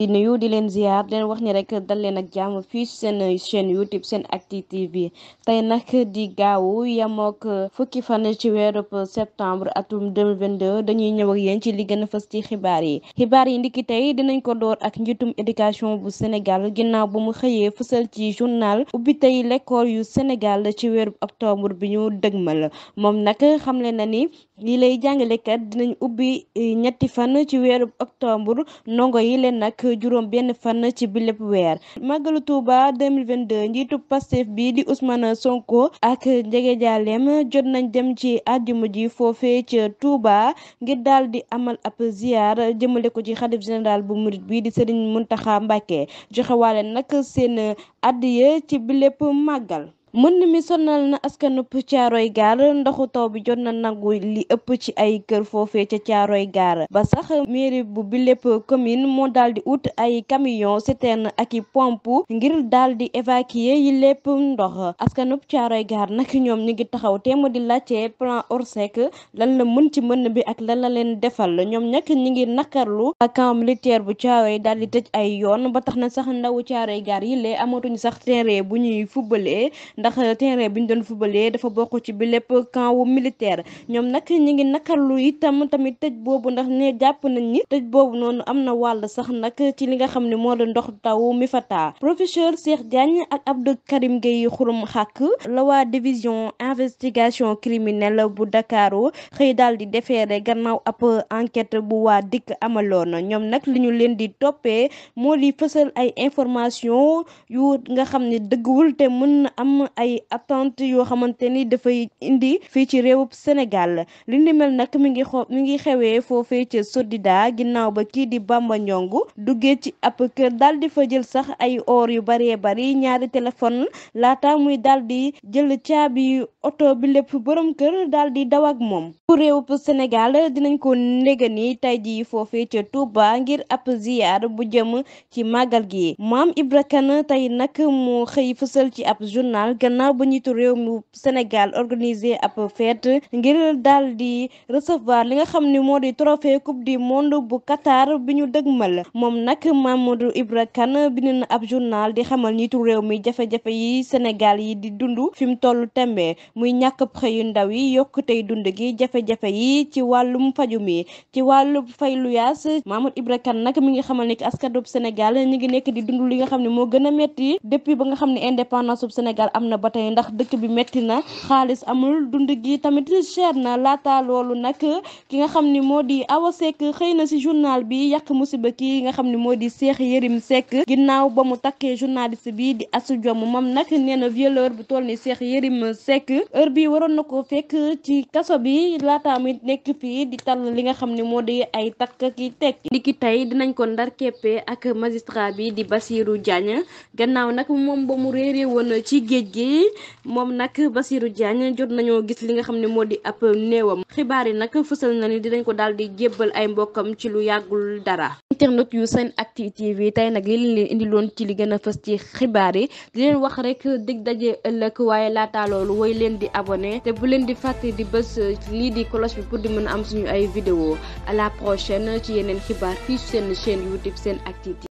di nuyu di leen ziar leen wax ni rek dal leen ak jàmm fii seen chaîne youtube seen acti bi tey nag di gaawu yamook fukki fan ci weerub septembre atum 2022 dañuy ñëw ak yéen ci li gën a fës ci xibaar yi xibaar yi ndiki tey dinañ ko door ak njiitum éducation bu sénégal ginnaaw bu mu xëyee fësal ci journal ubbi tey lekkool yu sénégal ci weerub octobre bi ñu dëgmal moom nag xamle na ni lii lay jàngalekat dinañ ubbi ñetti fan ci weerub octobre ndongo yi leen juróom benn fan ci bilépp weer màggalu Touba 2022 njiitu Pastef bi di Ousmane Sonko ak njege jaaleem jot nañ dem ci àjjuma ji foofee ca Touba ngir daal di amal ab ziar jëmale ko ci xalif général bu murit bi di Serigne Mountakha Mbacké joxewaale nag seen addiye ci bilépp màggal mën mi sonal na askanu caaroy gaar ndoxu taw bi jot na nagu li ëpp ci ay kër foofee ca caaroy gaar ba sax mairie bu bi lépp commune moo daal di ut ay camion citerne ak i pompe ngir daal di évacuer yi lépp ndox askanu caaroy gar nag ñoom ñu ngi taxaw teem di laajte plan Orsec lan la mën ci mën bi ak lan la leen defal ñoom nag ñu ngi nakarlu camp militaire bu caaroy daal di tëj ay yoon ba tax na sax ndawu caaroy gar yi lee amatuñ sax terrain bu ñuy fubalee ndax terrain bi ñu doon fubalee dafa bokk ci bi lépp camp wu ñoom nag ñu ngi nakarlu itam tamit tëj boobu ndax ne jàpp nañ ni tëj boobu noonu am na wàll sax nag ci li nga xam ne moo la ndox taw mi fa taa professeur Cheikh Diagne ak Abdou Karim Gueye xurum xàkk la waa division investigation criminelle bu Dakaru xëy daal di defeere gannaaw ab enquête bu waa dikk amaloon ñoom nag li ñu leen di toppee moo di fësal ay information yu nga xam ne dëggwul ay attente yoo xamante ni dafay indi fii ci réewub Sénégal li ni mel nag mi ngi xo mi ngi xewee foofee ca Sodida ginnaaw ba kii di Bamba Ndiongue duggee ci ab kër daal di fa jël sax ay or yu baree bari ñaari téléphone laata muy dal di jël caabi oto bi lépp borom kër daal di daw ak moom bu réewub Sénégal dinañ ko ndéga ni tey jii foofee ca Touba ngir ab ziyaar bu jëm ci màggal gi Maam Ibra Kane tey nag moo xëy fësal ci ab journal gannaaw ba njiitu réew mu Sénégal organisé ab fête ngir daal di recevoir li nga xam ni moo di trophée coupe du monde bu Qatar bi ñu dëgmal moom nag Mamadou Ibra Kane bind na ab journal di xamal njiitu réew mi jafe-jafe yi Sénégal yi di dund fi mu toll tembe muy ñàkk prix yu ndaw yi tey dund ki jafe-jafe yi ci wàllum faju mi ci wàllu fay luyaas Mamadou Ibra Kane nag mi ngi xamal ni askanu Sénégal ñu ngi nekk di dund li nga xam ne moo gën a metti depuis ba nga xam ne indépendance bu Sénégal am na ba tey dëkk bi métti na xaalis amul dund gi tamit cher na laata nag ki nga xam ni moo di Awa Seck xëy na si journal bi yàq musiba ki nga xam ni moo di Cheikh Yérim Seck ginnaaw ba mu takkee journaliste bi di Astou Diom moom nag nee na violeur bu toll ni Cheikh Yérim Seck heure bi waroon na ko fekk ci kaso bi laata mi nekk fii di tal li nga xam ni moo di ay takk ki teg di ki tey dinañ ko ndar keppe ak magistrat bi di Bassirou Diagne gannaaw nag moom ba mu réeree woon ci géej gi liggéey moom nag Basirou Diagne jot nañoo gis li nga xam ne moo di ab néewam xibaar yi nag fësal na ni dinañ ko daal di jébbal ay mbokkam ci lu yàggul dara. internet yu SENactu TV tey nag li leen indi loon ci li gën a fës ci xibaar yi di leen wax rek dig daje ëllëg waaye laataa loolu woy leen di abonné te bu leen di fàtte di bës lii di cloche bi pour di mën a am suñu ay vidéo à la prochaine ci yeneen xibaar fii seen chaîne YouTube seen TV